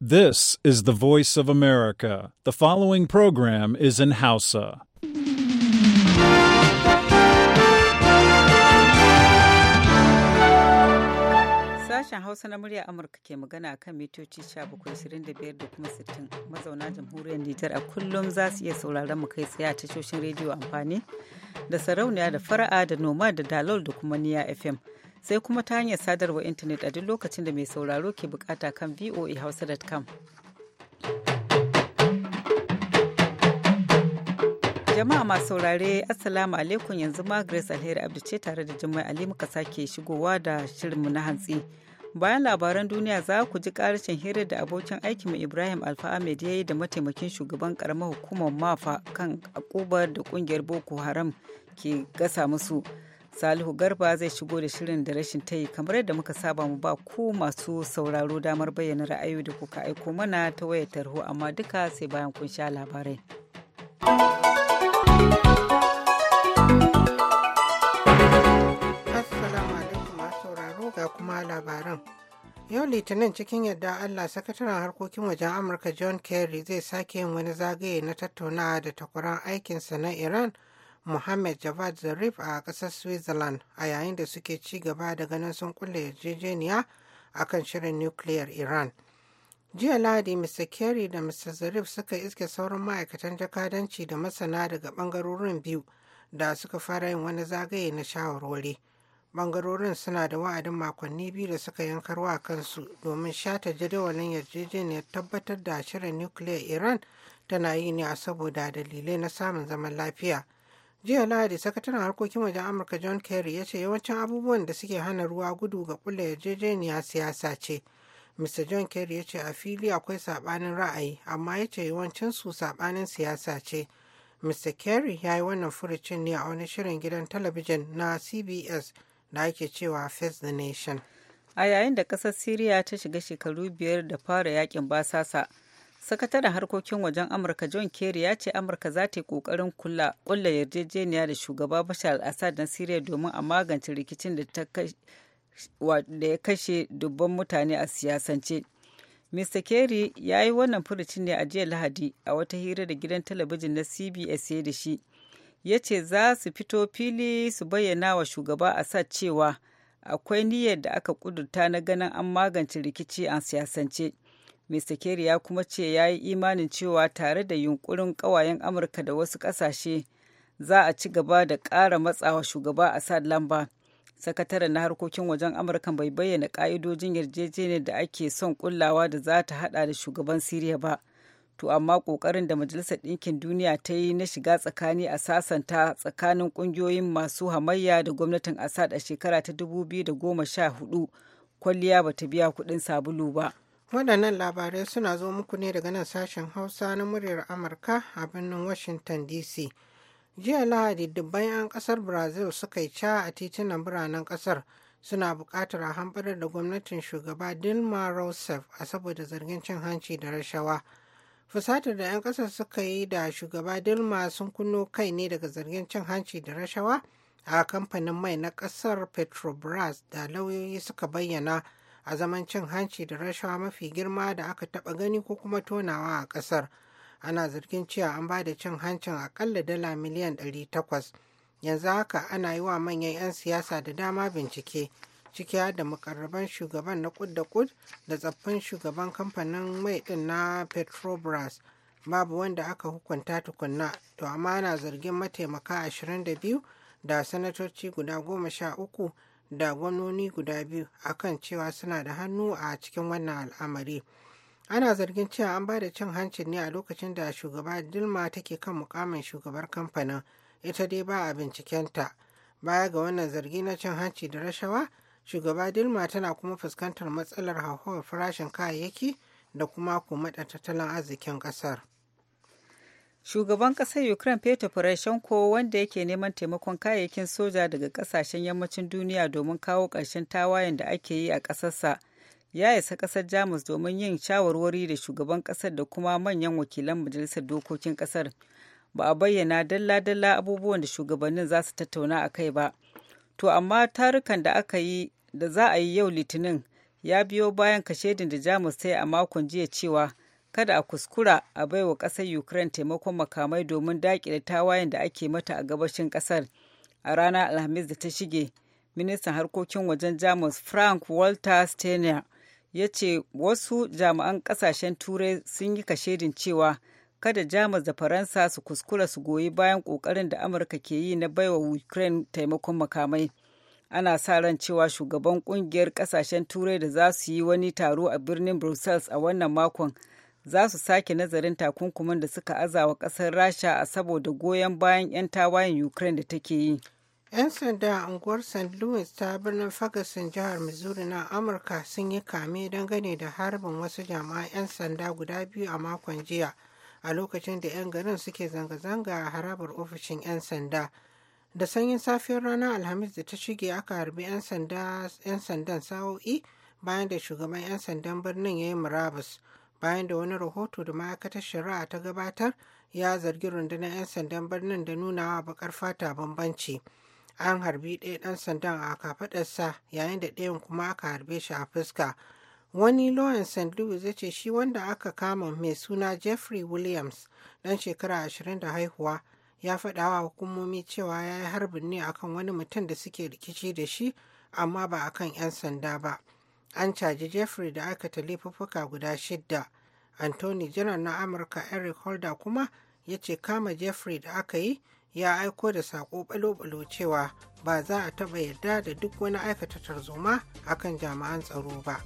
This is the voice of America. The following program is in Hausa. Sashen Hausa na murya Amurka ke magana kan mitoci 1725 da kuma 60 mazauna jamhuriyar Nijar a kullum za su iya sauraron mu kai tsaye a tashoshin rediyo amfani da sarauniya da fara'a da noma da dalol da kuma niya FM. sai kuma ta hanyar sadarwa intanet a duk lokacin da mai sauraro ke bukata kan voahausa.com. jama'a masu saurare assalamu alaikum yanzu ma grace alheri abdu ce tare da jimai ali muka sake shigowa da shirin mu na hantsi bayan labaran duniya za ku ji karashin hirar da abokin aikinmu ibrahim alfa ahmed ya yi da mataimakin shugaban karamar hukumar mafa kan akubar da kungiyar boko haram ke gasa musu Salihu Garba zai shigo da shirin da rashin tayi kamar yadda muka saba mu ba ku masu sauraro damar bayyana ra'ayoyi da kuka aiko mana ta wayar tarho amma duka sai bayan kun sha labarai. Assalamu alaikum masu sauraro ga kuma labaran. Yau Litinin cikin yadda Allah sakataren harkokin wajen Amurka John Kerry zai sake yin wani zagaye na tattaunawa da takwaran aikinsa na Iran. Mohammed Javad Zarif a ƙasar Switzerland a yayin da suke ci gaba da ganin sun kulle yarjejeniya a kan shirin nukiliyar Iran. Jiya Lahadi, Mr. Kerry da Mr. Zarif suka iske sauran ma'aikatan jakadanci da masana daga ɓangarorin biyu da suka fara yin wani zagaye na shawarwari. Ɓangarorin suna da wa'adin makonni biyu da suka yankarwa kansu domin shata jadawalin yarjejeniyar tabbatar da shirin nukiliyar Iran tana yi ne a saboda dalilai na samun zaman lafiya. jiya lahadi sakataren harkokin wajen amurka john kerry ya ce yawancin abubuwan da suke hana ruwa gudu ga kula yarjejeniya siyasa ce mr john kerry ya ce a fili akwai sabanin ra'ayi amma ya ce yawancin su sabanin siyasa ce mr kerry ya yi wannan furucin ne a wani shirin gidan talabijin na cbs da ake cewa face the nation a yayin da kasar syria ta shiga shekaru biyar da fara yakin basasa sakataren harkokin wajen amurka john kerry ya ce amurka za ta yi kokarin kulla yarjejeniya da shugaba bashar al-assad na syria domin a magance rikicin da ya kashe dubban mutane a siyasance mr kerry ya yi wannan furucin ne a jiya lahadi a wata hira da gidan talabijin na cbs ya da shi ya ce za su fito fili su bayyana wa shugaba assad cewa akwai niyyar da aka kudurta na ganin an magance rikici a siyasance. Mr. Kerry ya kuma ce ya yi imanin cewa tare da yunkurin ƙawayen Amurka da wasu ƙasashe za a ci gaba da ƙara matsawa shugaba Assad lamba. Sakataren na harkokin wajen Amurka bai bayyana ƙa'idojin yarjejeniyar da ake son kullawa da za ta haɗa da shugaban Siriya ba. To amma ƙoƙarin da Majalisar Ɗinkin Duniya ta yi na shiga tsakani a sasanta tsakanin ƙungiyoyin masu hamayya da gwamnatin Assad a shekara ta 2014 kwalliya ba ta biya kuɗin sabulu ba. Waɗannan labarai suna zo muku ne daga nan sashen Hausa na muryar Amurka a birnin Washington DC. Jiya Lahadi dubban 'yan ƙasar Brazil suka yi ca a titunan biranen ƙasar suna buƙatar a hamɓarar da gwamnatin shugaba Dilma Rousseff a saboda zargin cin hanci da rashawa. Fusatar da 'yan ƙasar suka yi da shugaba Dilma sun kunno kai ne daga zargin cin hanci da rashawa a kamfanin mai na ƙasar Petrobras da lauyoyi suka bayyana. a zaman cin hanci da rashawa mafi girma da aka taɓa gani ko kuma tonawa a ƙasar. Ana zargin cewa an ba da cin hancin akalla dala miliyan 800. Yanzu haka ana yi wa manyan 'yan siyasa da dama bincike. ciki da mukarraban shugaban na kud da kud da tsaffin shugaban kamfanin mai din na petrobras babu wanda aka hukunta tukunna to amma ana zargin mataimaka 22 da sanatoci guda 13 da gwamnoni guda biyu a kan cewa suna da hannu a cikin wannan al'amari ana zargin cewa an ba da cin hanci ne a lokacin da shugaba dilma take kan mukamin shugabar kamfanin ita dai ba a bincikenta baya ga wannan zargi na cin hanci da rashawa shugaba dilma tana kuma fuskantar matsalar hauhawar farashin kayayyaki da kuma kuma tattalin arzikin ƙasar. shugaban ƙasar ukraine petro poroshenko wanda yake neman taimakon kayayyakin soja daga ƙasashen yammacin duniya domin kawo ƙarshen tawayen da ake yi a ƙasarsa ya isa ƙasar jamus domin yin shawarwari da shugaban ƙasar da kuma manyan wakilan majalisar dokokin ƙasar ba a bayyana dalla-dalla abubuwan da shugabannin za su tattauna a kai ba to amma tarukan da aka yi da za a yi yau litinin ya biyo bayan kashedin da jamus ta yi a makon jiya cewa kada a kuskura a baiwa ƙasar ukraine taimakon makamai domin daƙile tawayen da ake mata a gabashin ƙasar a ranar alhamis da ta shige ministan harkokin wajen jamus frank walter steiner ya ce wasu jami'an ƙasashen turai sun yi kashedin cewa kada jamus da faransa su kuskura su goyi bayan ƙoƙarin da amurka ke yi na baiwa ukraine taimakon makamai ana sa ran cewa shugaban ƙungiyar ƙasashen turai da za su yi wani taro a birnin brussels a wannan makon za su sake nazarin takunkumin da suka azawa ƙasar rasha a saboda goyon bayan 'yan tawayen ukraine da take yi 'yan sanda a unguwar st louis ta birnin ferguson jihar missouri na amurka sun yi kame dangane da harbin wasu jama'a 'yan sanda guda biyu a makon jiya a lokacin da 'yan garin suke zanga-zanga a harabar ofishin 'yan sanda da sanyin safiyar rana alhamis da ta shige aka harbi 'yan sandan sa'o'i bayan da shugaban 'yan sandan birnin ya yi murabus bayan da wani rahoto da ma'aikatar shari'a ta gabatar ya zargi rundunar 'yan sandan birnin da nunawa bakar fata bambanci an harbi ɗaya ɗan sandan a kafaɗarsa yayin da ɗayan kuma aka harbe shi a fuska wani lawan st louis ya ce shi wanda aka kama mai suna jeffrey williams ɗan shekara ashirin da haihuwa ya faɗa wa hukumomi cewa ya yi harbin ne akan wani mutum da suke rikici da shi amma ba akan 'yan sanda ba. an caji jeffrey da aikata laifuffuka guda shidda anthony janar na amurka eric holder kuma ya ce kama jeffrey da aka yi ya aiko da saƙo balo-balo cewa ba za a taɓa yarda da duk wani aikata tarzoma kan jama'an tsaro ba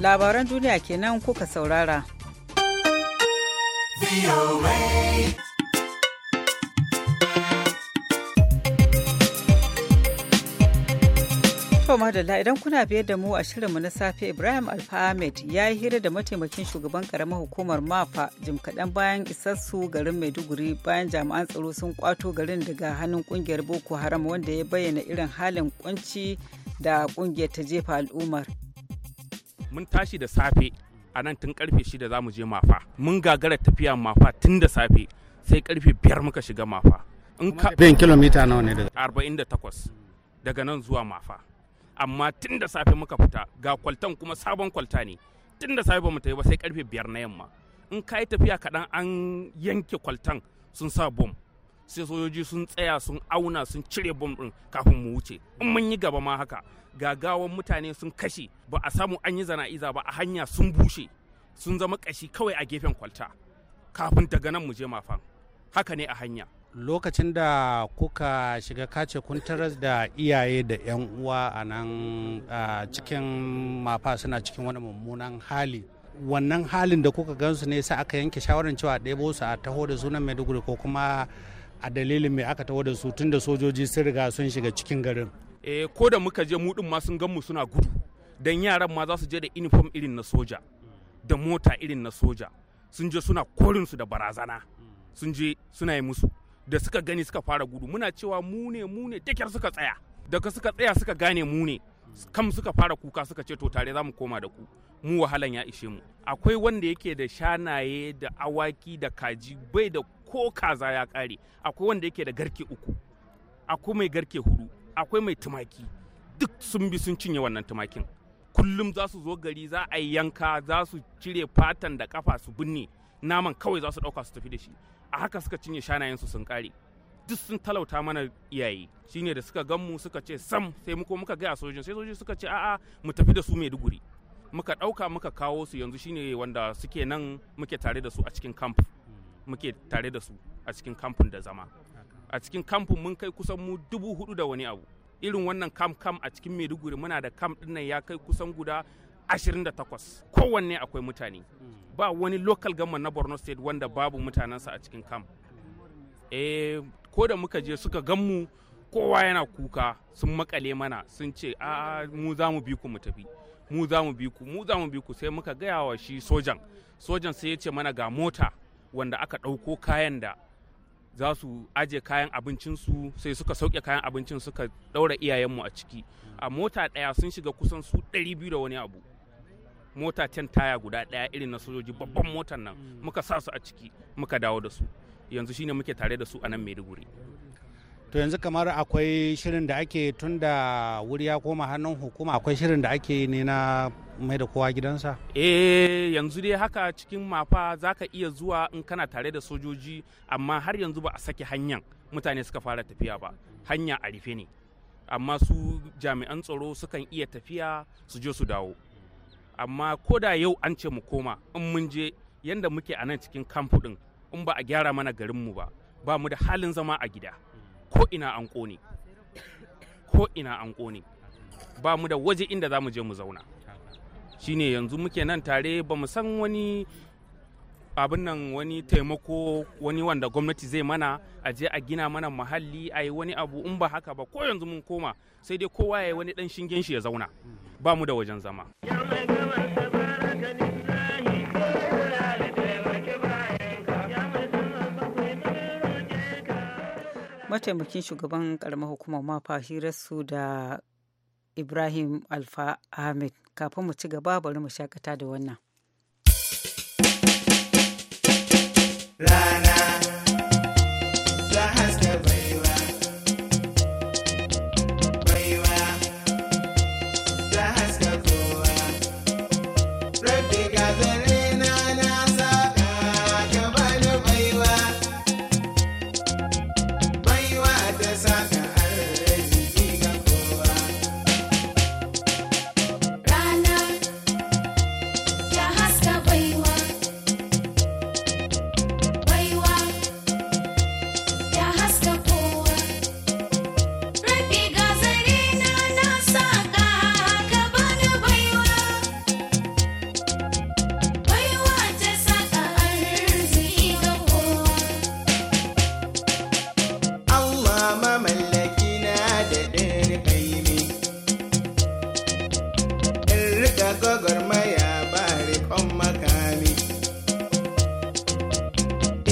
labaran duniya kenan kuka saurara. To madalla idan kuna biyar da mu a shirinmu na safe Ibrahim Alfa Ahmed ya yi hira da mataimakin shugaban karamar hukumar MAFA jim kaɗan bayan isassu garin Maiduguri bayan jami'an tsaro sun kwato garin daga hannun kungiyar Boko Haram wanda ya bayyana irin halin kunci da kungiyar ta jefa al'ummar. Mun tashi da safe a nan tun karfe shida za mu je mafa. Mun gagara tafiya mafa tun da safe sai karfe biyar muka shiga mafa. In ka... kilomita nawa ne da? 48 daga nan zuwa mafa. amma tun da safe muka fita ga kwaltan kuma sabon kwalta ne tun da safe ba mu tafi ba sai karfe biyar na yamma in ka yi tafiya kaɗan an yanke kwaltan sun sa bom sai sojoji sun tsaya sun auna sun cire bom ɗin kafin mu wuce in mun yi gaba ma haka ga gagawan mutane sun kashe ba a samu an yi zana'iza ba a hanya sun bushe sun zama kashi kawai a gefen kwalta kafin daga nan mu je mafan haka ne a hanya lokacin da kuka shiga kace kun taras da iyaye da 'yan uwa a nan cikin mafa suna cikin wani mummunan hali wannan halin da kuka gansu ne sa aka yanke shawarar cewa ɗebo su a taho da sunan maiduguri ko kuma a dalilin mai aka taho da su tun da sojoji sun riga sun shiga cikin garin E, ko da muka je mu din ma sun gan mu suna gudu dan yaran ma za su je da uniform irin na soja da mota irin na soja sun je suna korin da barazana sun je suna yi musu da suka gani suka fara gudu muna cewa mu ne mu ne kyar suka tsaya daga suka tsaya suka gane mu ne kam suka fara kuka suka ce to tare za mu koma da ku mu wahalan ya ishe mu akwai wanda yake da shanaye da awaki da kaji bai da ko kaza ya kare akwai wanda yake da garke uku akwai mai garke hudu akwai mai tumaki duk sun bi sun cinye wannan tumakin kullum za su zo gari za a yi yanka za su cire fatan da kafa su binne naman kawai za su ɗauka su tafi da shi a haka suka cinye shanayensu sun kare duk sun talauta mana iyaye shine da suka gan mu suka ce sam sai muko muka gaya sojin sai sojin suka ce a'a mu tafi da su maiduguri muka ɗauka muka kawo su yanzu shine wanda suke nan muke tare da su a cikin camp muke tare da su a cikin kamfin da zama a cikin kamfin mun kai kusan mu dubu hudu da wani abu irin wannan kam kam a cikin maiduguri muna da kam ɗin nan ya kai kusan guda 28 kowanne akwai mutane ba wani local government na borno state wanda babu mutanensa a cikin kam eh ko da muka je suka gan mu kowa yana kuka sun makale mana sun ce a mu za mu bi ku mu tafi mu za mu bi ku mu za mu bi ku sai muka gaya wa shi sojan sojan sai ya ce mana ga mota wanda aka ɗauko kayan da za su aje kayan abincinsu sai suka sauke kayan abincin suka ɗaura iyayenmu a ciki a mota ɗaya sun shiga kusan su biyu da wani abu mota can taya guda ɗaya irin na sojoji babban motan nan mm. muka sa su a ciki muka dawo da su yanzu shine muke tare da su a nan maiduguri to yanzu kamar akwai shirin da ake tun da wuri ya koma hannun hukuma akwai shirin da ake ne na mai da kowa gidansa eh yanzu dai haka cikin mafa za ka iya zuwa in kana tare da sojoji amma har yanzu ba a sake hanyan mutane suka fara tafiya ba hanya a rufe ne amma su jami'an tsaro sukan iya tafiya su je su dawo amma ko da yau an ce mu koma in mun je yanda muke a nan cikin kamfu ɗin in ba a gyara mana garinmu ba ba mu da halin zama a gida ko ina an ƙone ko ina an ƙone ba mu da waje inda za mu je mu zauna shine yanzu muke nan tare ba mu san wani abin nan wani taimako wani wanda gwamnati zai mana a je a gina mana muhalli a yi wani abu in ba haka ba ko yanzu mun koma sai dai kowa ya yi wani dan shingen shi ya zauna ba mu da wajen zama. mataimakin shugaban karamar hukumar mafa hirarsu da ibrahim alfa ahmed kafin mu ci gaba bari mu shakata da wannan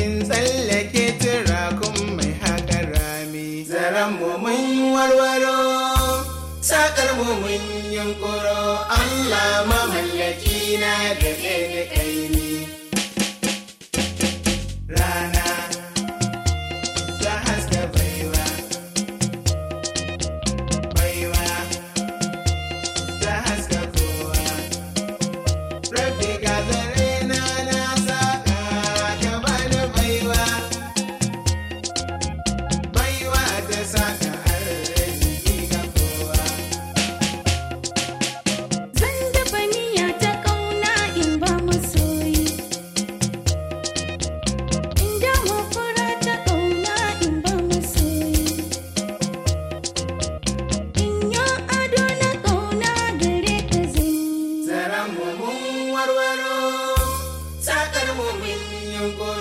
in tsallake turakun mai haka rami zaren mu mun warwaro sakar mu mun yunkuro Allah mamallaki na da ne Mourinho, gol.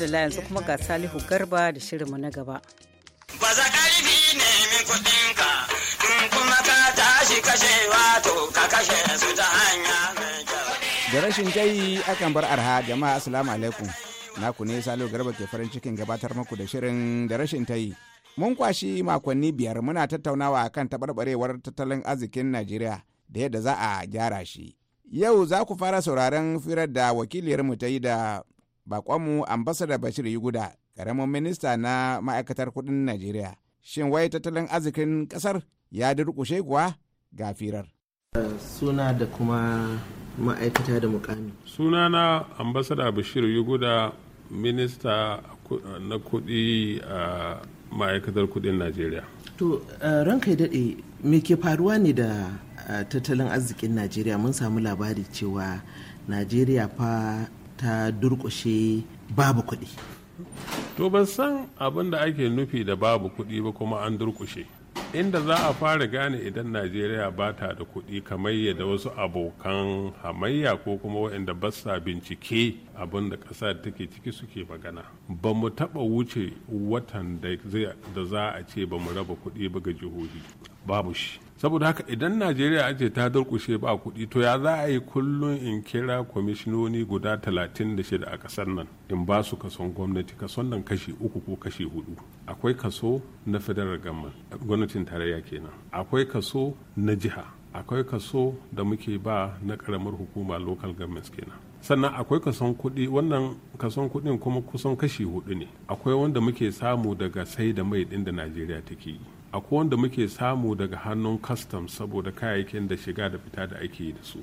madalla yanzu kuma ga Salihu Garba da shirinmu na gaba. ƙarfi kuma ka tashi kashe wato ka kashe su ta hanya mai Da rashin jayi akan bar arha jama'a assalamu alaikum. Naku ne Salihu Garba ke farin cikin gabatar muku da shirin da rashin tayi. Mun kwashi makonni biyar muna tattaunawa kan taɓarɓarewar tattalin arzikin Najeriya da yadda za a gyara shi. Yau za ku fara sauraron firar da wakiliyarmu ta yi da bakonmu ambasada bashir yuguda karamin minista na ma'aikatar kudin najeriya shin wai tattalin arzikin kasar ya durkushe kuwa ga firar suna da kuma ma'aikata da mukami Suna na ambasada bashir yuguda minista na kudi a ma'aikatar kudin najeriya to ranka daɗe me ke faruwa ne da tattalin arzikin najeriya mun samu labari cewa najeriya fa ta durƙushe babu kuɗi to ban san abin da ake nufi da babu kuɗi ba kuma an durƙushe inda za a fara gane idan najeriya ba ta da kuɗi kamar yadda wasu abokan hamayya ko kuma waɗanda ba sa bincike abin da ƙasa take ciki suke magana ba mu taɓa wuce watan da za a ce ba mu raba kuɗi ba ga jihohi babu shi saboda haka idan najeriya ce ta durkushe ba kuɗi to ya za a yi kullum in kira kwamishinoni guda 36 a ƙasar nan in ba su kason gwamnati kason nan kashi uku ko kashi hudu akwai kaso na federal gamman gwamnatin tarayya kenan akwai kaso na jiha akwai kaso da muke ba na karamar hukuma local governments kenan sannan akwai kason kuɗi wannan kason kuɗin kuma kusan kashi hudu ne akwai wanda muke samu daga sai da mai ɗin da najeriya take yi akwai wanda muke samu daga hannun kastam saboda kayayyakin da shiga da fita da ake yi da su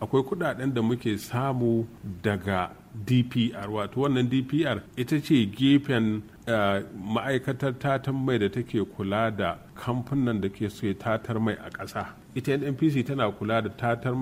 akwai kudaden da muke samu daga dpr wato wannan dpr ita ce gefen uh, ma'aikatar tatar mai da take kula da kamfanin da ke so tatar mai a ƙasa ita npc tana kula da tatar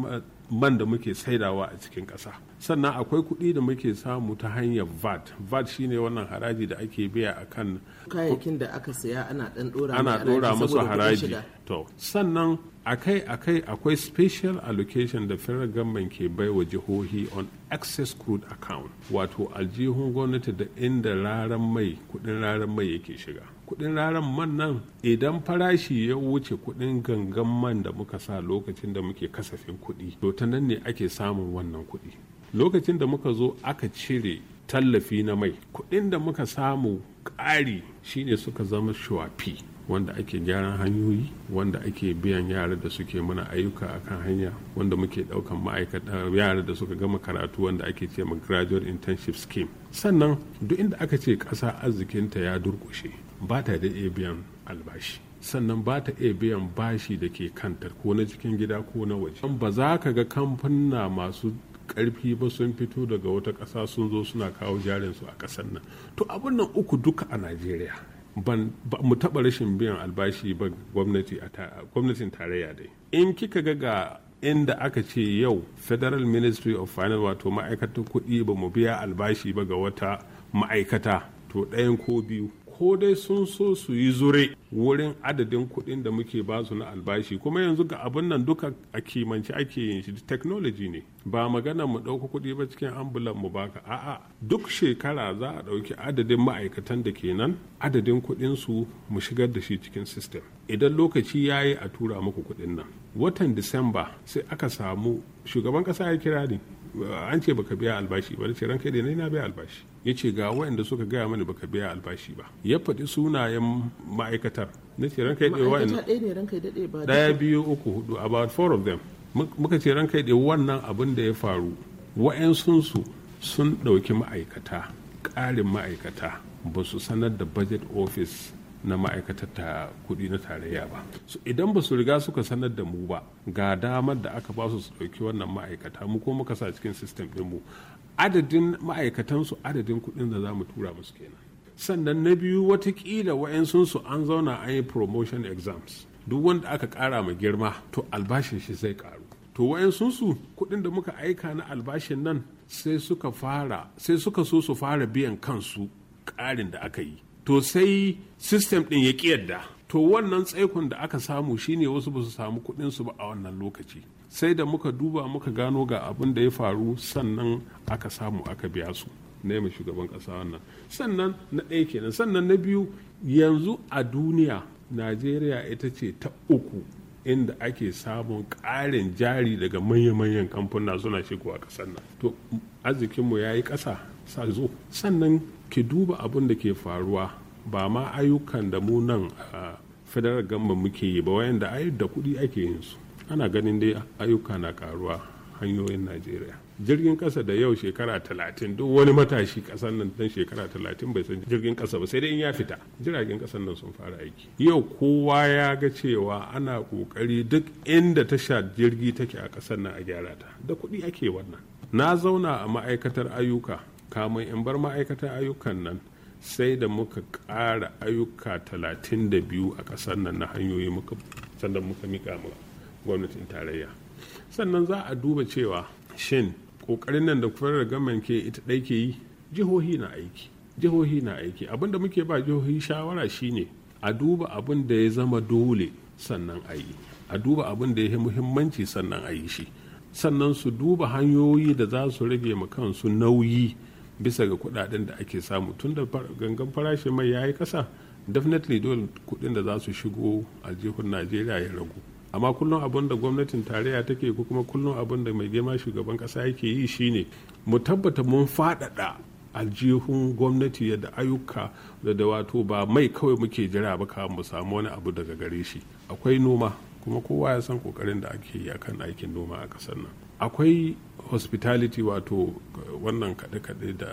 man da muke saidawa a cikin ƙasa sannan akwai kuɗi da muke samu ta hanyar vat vat shine wannan haraji da ake biya a kan kayayyakin da aka saya ana ɗan ɗora ana ɗora musu haraji to sannan akai akai akwai special allocation da federal government ke bai wa jihohi on excess crude account wato aljihun gwamnati da inda raran mai kuɗin raran mai yake shiga kuɗin raran man nan idan farashi ya wuce kuɗin gangan man da muka sa lokacin da muke kasafin kuɗi to ta nan ne ake samun wannan kuɗi lokacin da muka zo aka cire tallafi na mai kuɗin da muka samu ƙari shine suka zama shuwafi wanda ake gyaran hanyoyi wanda ake biyan yara da suke mana ayyuka akan hanya wanda muke daukan ma'aikata yara da suka gama karatu wanda ake ce ma graduate internship scheme sannan duk inda aka ce ƙasa arzikinta ya durƙushe ba ta da iya biyan albashi sannan ba ta iya biyan bashi da ke kanta ko na cikin gida ko na waje ba za ka ga kamfuna masu karfi ba sun fito daga wata ƙasa sun zo suna kawo jarinsu a ƙasar nan to abin nan uku duka a najeriya ban mu taɓa rashin biyan albashi ba gwamnati a gwamnatin tarayya dai in kika ga ga inda aka ce yau federal ministry of finance wato ma'aikatar kuɗi ba mu biya albashi ba ga wata ma'aikata to ɗayan ko biyu ko dai sun so su yi zure wurin adadin kuɗin da muke basu na albashi kuma yanzu ga abin nan duka a kimanci ake yin shi technology ne ba magana mu ɗauka kuɗi ba cikin ambulan mu baka a'a duk shekara za a ɗauki adadin ma'aikatan da ke nan adadin kuɗin su mu shigar da shi cikin system idan lokaci ya yi a tura muku kuɗin nan watan disamba sai aka samu shugaban ƙasa ya kira ni an ce baka biya albashi ba ce ranka da ne na biya albashi ya ce ga waɗanda suka gaya mani baka biya albashi ba ya faɗi sunayen ma'aikatar na ce ranka da wa'in ɗaya biyu uku hudu about four of them muka ce ranka da wannan abin da ya faru wa'yansunsu sun ɗauki ma'aikata ƙarin ma'aikata ba su sanar da budget office na ma'aikatar ta kuɗi na tarayya ba idan ba su riga suka sanar da mu ba ga damar da aka ba su su dauki wannan ma'aikata mu ko muka sa cikin system sistem mu adadin ma'aikatan su adadin kuɗin da za mu tura musu kenan sannan na biyu watakila su an zauna an yi promotion exams duk wanda aka ƙara ma girma to albashin shi zai ƙaru to su kuɗin da muka aika na albashin nan sai suka fara sai suka so su fara biyan kansu ƙarin da aka yi to sai system din ya ƙi yadda to wannan tsaikon da aka samu shine wasu ba su samu su ba a wannan lokaci sai da muka duba muka gano ga abin da ya faru sannan aka samu aka biya su nema shugaban ƙasa wannan sannan na ɗaya kenan sannan na biyu yanzu a duniya najeriya ita ce ta uku inda ake samun ƙarin jari daga manya-manyan kamfuna suna shigowa ƙasar nan to arzikinmu ya yi ƙasa sa sannan ki duba abin da ke faruwa ba ma ayyukan da mu nan a federal gamba muke yi ba wayanda ayyuka da kuɗi ake yin su ana ganin dai ayyuka na karuwa hanyoyin najeriya jirgin kasa da yau shekara talatin duk wani matashi kasan nan dan shekara talatin bai san jirgin kasa ba sai dai in ya fita jiragen kasan nan sun fara aiki yau kowa ya ga cewa ana kokari duk inda tasha jirgi take a kasan nan a gyara ta da kuɗi ake wannan na zauna a ma'aikatar ayyuka kamun in bar ma'aikatan ayyukan nan sai da muka ƙara ayyuka 32 a ƙasar nan na hanyoyi muka sannan muka mika ma gwamnatin tarayya sannan za a duba cewa shin ƙoƙarin nan da kufarar gaman ke ita ɗai ke yi jihohi na aiki jihohi na aiki abin da muke ba jihohi shawara shine a duba abin da ya zama dole sannan a yi a duba abin da ya yi muhimmanci sannan a yi shi sannan su duba hanyoyi da za su rage ma kansu nauyi bisa ga kudaden da ake samu tun da gangan farashin mai ya yi kasa definitely dole kudin da za su shigo a jihun najeriya ya ragu amma kullum abin da gwamnatin tarayya take ko kuma kullum abin da mai girma shugaban kasa yake yi shine mu tabbata mun faɗaɗa aljihun gwamnati yadda ayyuka da wato ba mai kawai muke jira ba ka mu samu wani abu daga gare shi akwai noma kuma kowa ya san kokarin da ake yi akan aikin noma a ƙasar nan akwai hospitality wato wannan kaɗe-kaɗe da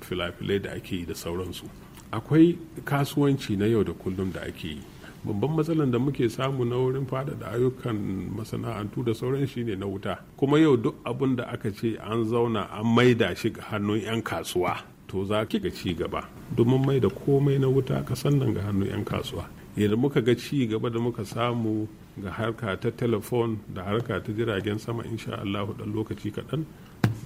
filafilai da ake yi da sauransu akwai kasuwanci na yau da kullum da ake yi babban matsalar da muke samu na wurin faɗaɗa ayyukan masana'antu da sauran shi ne na wuta kuma yau duk abin da aka ce an zauna an maida shi ga hannun 'yan kasuwa to za ki ga ci gaba domin mai da komai na wuta kasan nan ga hannun 'yan kasuwa yadda muka ga ci gaba da muka samu ga harka ta telefon da harka ta jiragen sama insha allahu dan lokaci kaɗan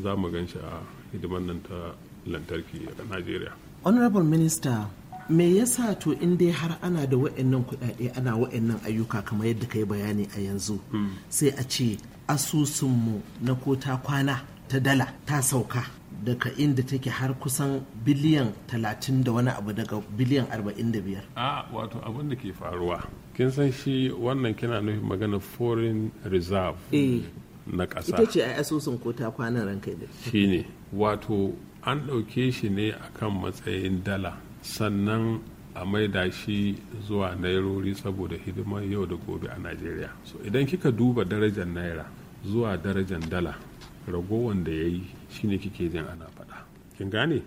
za mu gan shi a hidimar nan ta lantarki a najeriya honorable minister me yasa to in dai har ana da wa'annan kuɗaɗe ana wa'annan ayyuka kamar yadda ka yi bayani a yanzu hmm. sai a ce asusunmu na kota kwana ta dala ta sauka daga inda take har kusan biliyan 30 da wani abu daga biliyan 45 a wato abin da ke faruwa kin san shi wannan kina nufin magana foreign reserve eh, na ƙasa ita ce a asusun ko ta kwanan ranka da shi ne wato an ɗauke shi ne akan matsayin dala sannan a maida shi zuwa nairori saboda hidimar yau da gobe a najeriya so idan kika duba darajar naira zuwa darajar dala ragowan da ya yi shine kike jin ana faɗa kin gane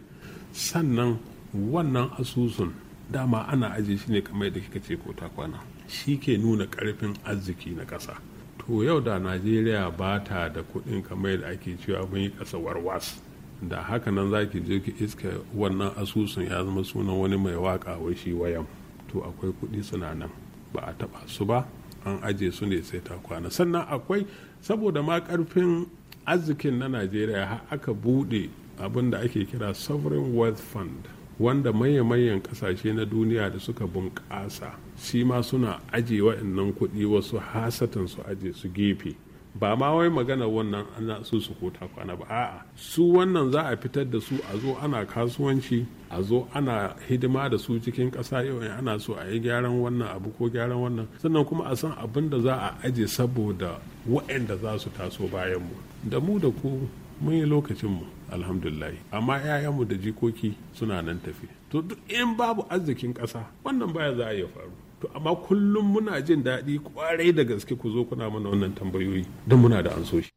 sannan wannan asusun dama ana ajiye shi ne kamar yadda kika ce ko ta kwana shi ke nuna karfin arziki na ƙasa to yau da najeriya ba ta da kuɗin kamar yadda ake cewa mun yi ƙasa warwas da haka nan za ki je ki iska wannan asusun ya zama sunan wani mai waka wai shi wayan to akwai kuɗi suna nan ba a taɓa su ba an aje su ne sai ta kwana sannan akwai saboda ma karfin arzikin na najeriya har aka bude abin da ake kira sovereign wealth fund wanda manya-manyan kasashe na duniya da suka bunƙasa shi ma suna aje wa'annan kuɗi wasu hasatan su aje su gefe ba ma wai magana wannan ana so su kota kwana ba a'a su wannan za a fitar da su a zo ana kasuwanci a zo ana hidima da su cikin ƙasa yau in ana so a yi gyaran wannan abu ko gyaran wannan sannan kuma a san abin da za a aje saboda wa'anda za su taso bayan mu da mu da ku mun yi lokacinmu alhamdulillah amma 'ya'yanmu da jikoki suna nan tafi to duk in babu arzikin ƙasa wannan baya za a iya faru to amma kullum muna jin daɗi kwarai da gaske ku zo kuna mana wannan tambayoyi don muna da ansoshi.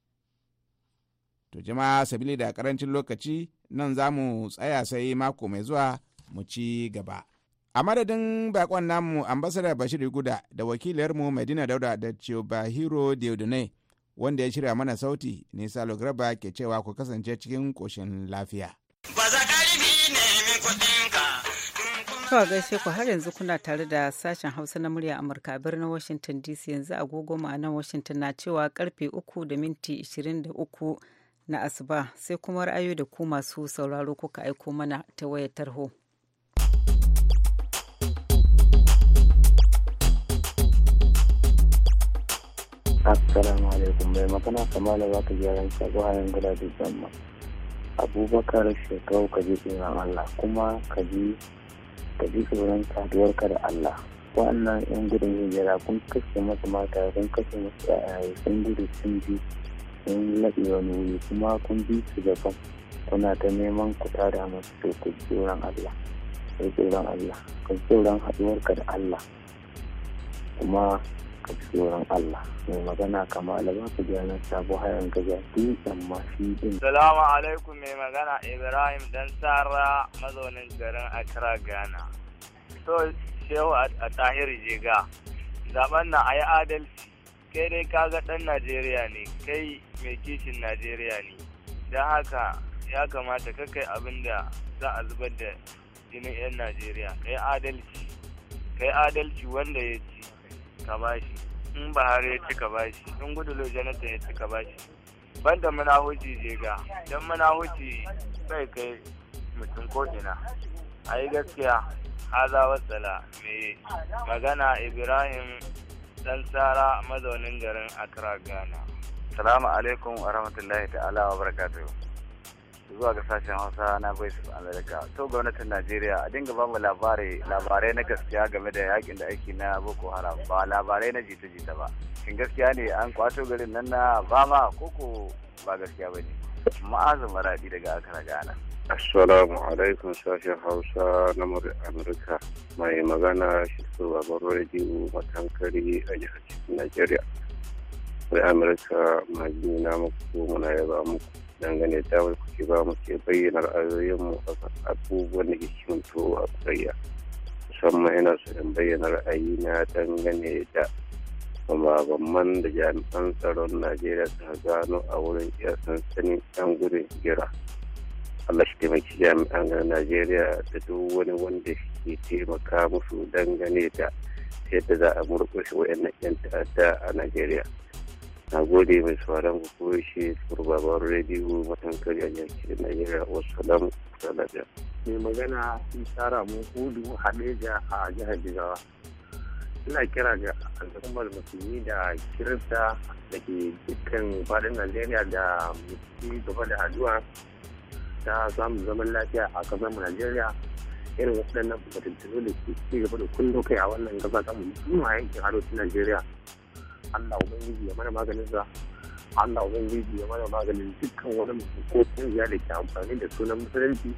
To jama'a sabili da karancin lokaci nan za mu tsaya sai mako mai zuwa mu ci gaba. A madadin bakon namu ambasada Bashir Guda da wakiliyarmu Madina Dauda da Ciobahiro Deodone wanda ya shirya mana sauti nisa lograba ke cewa ku kasance cikin koshin lafiya. Ba za ne min kuɗi Kuka gaishe ku har yanzu kuna tare da sashen Hausa na murya Amurka a birnin Washington DC yanzu agogo ma'anar Washington na cewa karfe 3 da minti 23 na asuba sai kuma ra'ayo da ku masu sauraro kuka aiko mana ta wayar tarho. Assalamu alaikum bai magana kamala za ka gyaran shago a yan gada da abubakar shekau ka ji tsoron Allah kuma ka ji ka ji tsoron ka da Allah wa'annan 'yan gudun hijira kun kashe masu mata kun kashe masu yayaye sun gudu sun ji sun laɓe wani wuri kuma kun bi su gaban kuna ta neman ku tada masu to ku tsoron Allah ku tsoron Allah ku tsoron haɗuwarka da Allah kuma ka tsoron Allah mai magana kamar alaba ku ji sabo hayan gaza dutsen masu yi Salamu alaikum mai magana Ibrahim dan Sara mazaunin garin Accra Ghana. So Shehu a Tahir Jega zaben na a yi adalci kai dai ka ga ɗan Najeriya ne kai mai kishin Najeriya ne don haka ya kamata ka kai abin da za a zubar da jinin 'yan Najeriya kai adalci kai adalci wanda ya ci ka bashi in Buhari ya cika bashi in na Jonathan ya cika bashi banda da huji je ga don muna bai kai mutum ko ina a yi gaskiya haza wasala mai magana Ibrahim dan Sara mazaunin garin Accra Ghana. Salamu alaikum wa rahmatullahi ta'ala wa barakatuhu. zuwa ga sashen hausa na voice of america to gwamnatin najeriya a dinga mu labarai labarai na gaskiya game da yakin da aiki na boko haram ba labarai na jita-jita ba shin gaskiya ne an kwato garin nan na bama koko ba gaskiya ba ne ma'azin maradi daga akara ghana Assalamu alaikum sashen Hausa na america mai magana shi shugaban rediyo matankari a jihar Najeriya. Mai Amurka majina muku muna yaba muku dangane da damar kuke ba mu bayyana ra'ayoyinmu a kan abubuwan da ke a ƙwarya musamman yana so in bayyana ra'ayi na dangane da mabamman da jami'an tsaron najeriya suka gano a wurin iya sansanin yan gudun hijira allah shi taimaki jami'an na najeriya da duk wani wanda ke taimaka musu dangane da yadda za a murƙushe wa'annan 'yan ta'adda a najeriya na gode mai sauran ku shi turbabar rediyo matankar a ke najeriya wasu salamu da mai magana sun tsara mun hudu haɗe a jihar jigawa ina kira ga al'ummar musulmi da kirista da ke dukkan faɗin najeriya da musulmi gaba da addu'a ta samun zaman lafiya a ƙasar mu najeriya irin waɗannan fitattunu da ke ci gaba da kullum kai a wannan gaba ta a yankin arewacin najeriya Allah ubangiji ya mana maganin sa Allah ubangiji ya mana maganin dukkan wani mutum ko kungiya da ke amfani da sunan musulunci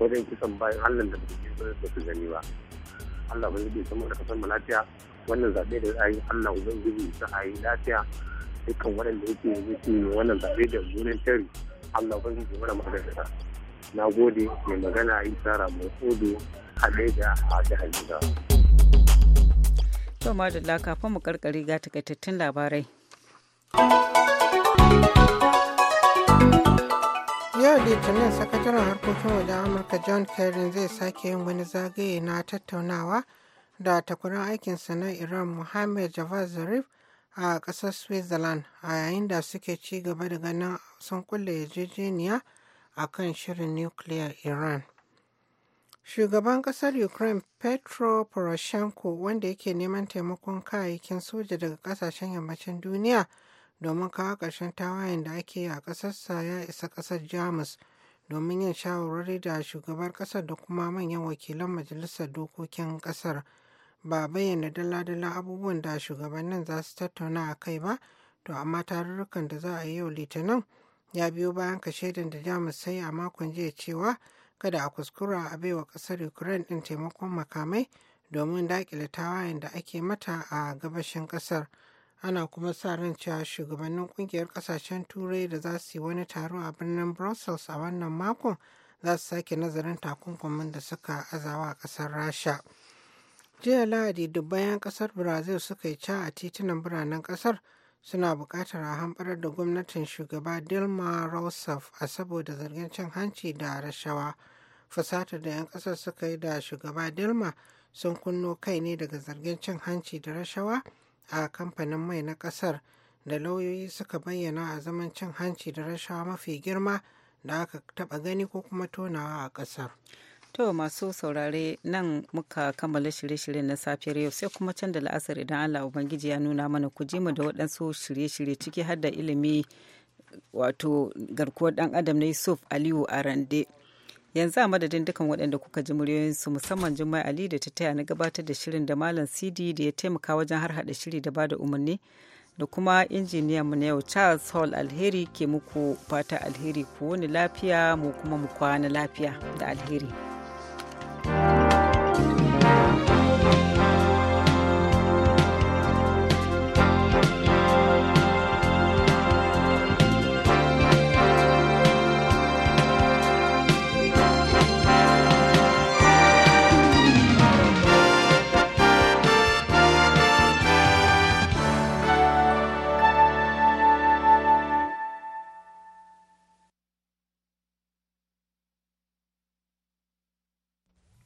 wajen kisan bayan Allah da mutum ya su gani ba Allah ubangiji ya samu da kasan mu lafiya wannan zaɓe da za a yi Allah ubangiji ya a yi lafiya dukkan waɗanda yake yake wannan zaɓe da gunan tari Allah ubangiji ya mana maganin sa na gode mai magana isa ramon odo a da a jihar jigawa To Madalla kafin mu karkare ga takaitattun labarai. Yau Litinin sakataren harkokin wajen Amurka John Kerry zai sake yin wani zagaye na tattaunawa da takwarar aikinsa na Iran Mohammed Javad Zarif a ƙasar Switzerland a yayin da suke ci gaba da ganin sun kulle yarjejeniya a kan shirin nukiliyar Iran. Shugaban ƙasar Ukraine Petro Poroshenko wanda yake neman taimakon kayayyakin soja daga ƙasashen yammacin duniya domin kawo ƙarshen tawayen da ake yi a ƙasarsa ya isa ƙasar Jamus domin yin shawarwari da shugabar ƙasar da kuma manyan wakilan majalisar dokokin ƙasar. Ba bayyana dala-dala abubuwan da shugabannin za su tattauna a kai ba, to amma tarurrukan da za a yi yau Litinin ya biyo bayan kashedin da Jamus sai a makon jiya cewa kada a kuskura a baiwa ƙasar ukraine din taimakon makamai domin daƙile tawayen da ake mata a gabashin ƙasar ana kuma sa ran cewa shugabannin ƙungiyar ƙasashen turai da za su yi wani taro a birnin brussels a wannan makon za su sake nazarin takunkumin da suka azawa ƙasar rasha jiya lahadi dubbayan ƙasar brazil suka yi ca a titunan biranen ƙasar suna buƙatar a hamɓarar da gwamnatin shugaba dilma rousseff a saboda zargin cin hanci da rashawa fasatar da 'yan kasar suka yi da shugaba dilma sun kunno kai ne daga zargin cin hanci da rashawa a kamfanin mai na kasar da lauyoyi suka bayyana a zaman cin hanci da rashawa mafi girma da aka taba gani ko kuma tonawa a ƙasar. To masu saurare nan muka kammala shirye shirye na safiyar yau sai kuma can da la'asar idan Allah Ubangiji ya nuna mana ku ji mu da waɗansu shirye-shirye ciki har da ilimi wato garkuwar ɗan adam na Yusuf Aliyu Arande. yanzu a madadin dukan waɗanda kuka ji muryoyinsu musamman jummai ali da ta taya na gabatar da shirin da malam cd da ya taimaka wajen har hada shiri da bada umarni da kuma injiniyan mu na yau charles hall alheri ke muku fata alheri ku wani lafiya mu kuma mu kwana lafiya da alheri.